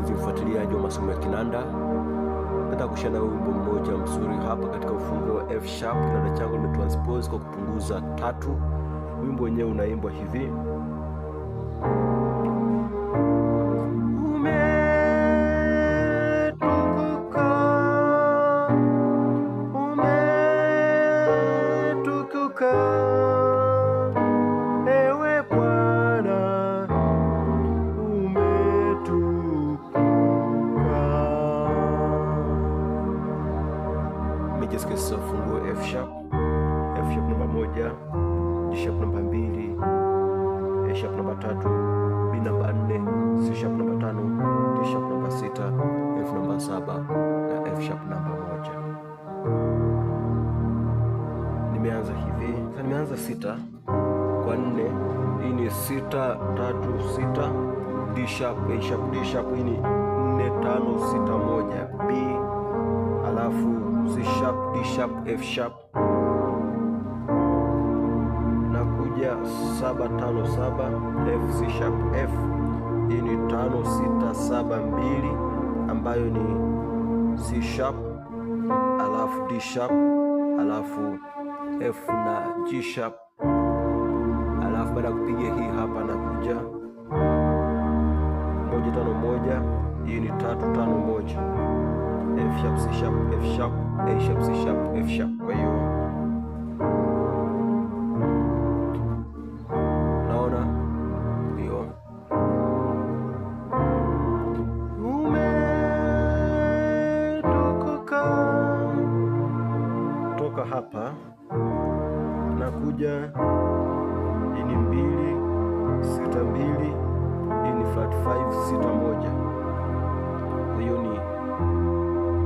mpenzi mfuatiliaji wa masomo ya kinanda, nataka kushana wimbo mmoja mzuri hapa katika ufundo wa F sharp. Kinanda changu nimetranspose kwa kupunguza tatu. Wimbo wenyewe unaimbwa hivi D sharp namba mbili, E eh, sharp namba tatu, B namba nne, C sharp namba tano, D sharp namba sita, F namba saba na F sharp namba moja. Nimeanza hivi sasa, nimeanza sita kwa nne. Hii ni sita tatu sita, D sharp, A sharp, D sharp. Hii ni nne tano sita moja, B alafu C sharp, D sharp, F sharp 757 F C sharp F. Hii ni 5672 ambayo ni C sharp alafu D sharp alafu F na G sharp, alafu baada ya kupiga hii hapa na kuja moja tano moja, hii ni tatu tano moja F sharp C sharp F sharp A sharp C sharp F sharp kwa hiyo hapa nakuja ini mbili sita mbili ini flat 5 sita moja. hiyo ni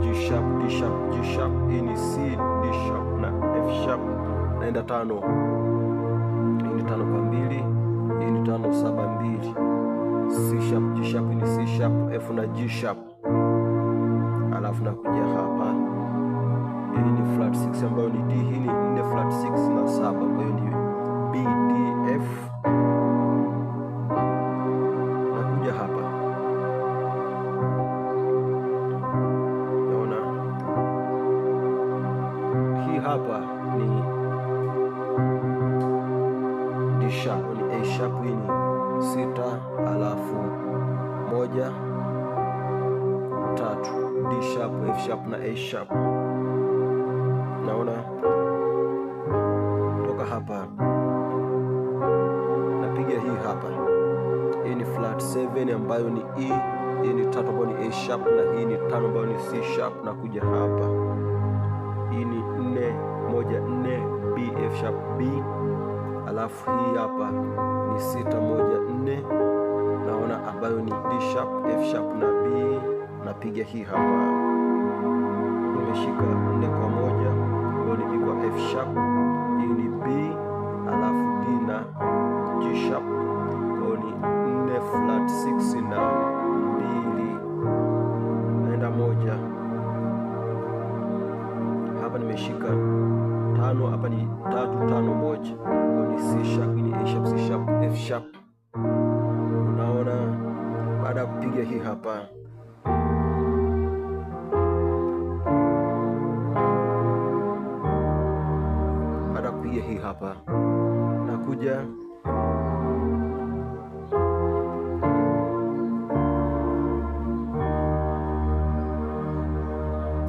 G sharp D sharp G sharp ini C D sharp na F sharp, naenda tano ini tano kwa mbili ini tano saba mbili C sharp G sharp ini C sharp F na G sharp, alafu nakuja hapa hii ni flat 6 ambayo ni D, hii ni nne flat 6 na saba, kwa hiyo ni B D F. Nakuja hapa, naona hii hapa ni D sharp, ni A sharp, hii ni sita, alafu moja tatu, D sharp, F sharp na A sharp naona toka hapa napiga hii hapa, hii ni flat 7 ambayo ni E, hii ni tatu ambayo ni A sharp, na hii ni tano ambayo ni C sharp, na kuja hapa, hii ni nne moja nne B F sharp B, alafu hii hapa ni sita moja nne naona ambayo ni D sharp F sharp na B, napiga hii hapa, nimeshika nne kwa moja kwa F sharp, hii ni B alafu D na G sharp, kwa ni 4 flat 6 na mbili naenda moja. Hapa nimeshika tano, hapa ni tatu tano moja, kwa ni C sharp, ni A sharp, C sharp, F sharp. Unaona, baada ya kupiga hii hapa hii hapa, nakuja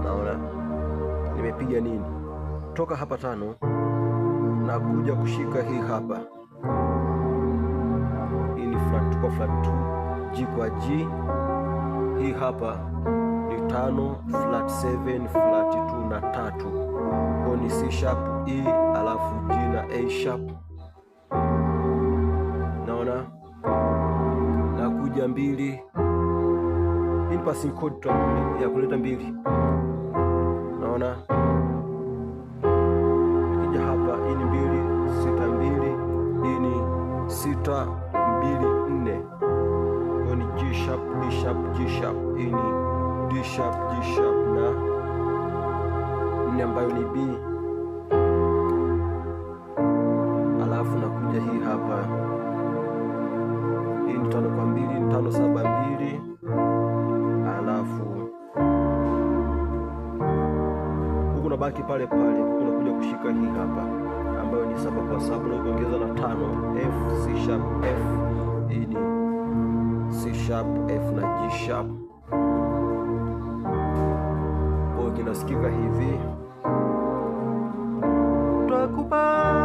naona nimepiga nini toka hapa tano, nakuja kushika hii hapa, hii ni flat kwa flat 2 G kwa G, hii hapa ni tano flat 7 flat 2 na tatu, kwa ni C sharp E alafu G na A sharp, naona na kuja mbili. Hii ni passing chord ya kuleta mbili, naona ikija hapa, hii ni mbili sita mbili, hii ni sita mbili nne, kwa ni G sharp D sharp G sharp, hii ni D sharp, G sharp na nne ambayo ni B, alafu nakuja hii hapa, hii ni tano kwa mbili, ni tano saba mbili, alafu huku nabaki pale pale, unakuja kushika hii hapa ambayo ni saba kwa saba na kuongeza na tano, F C sharp, F hii e, ni C sharp, F na G sharp inasikika hivi, twakupa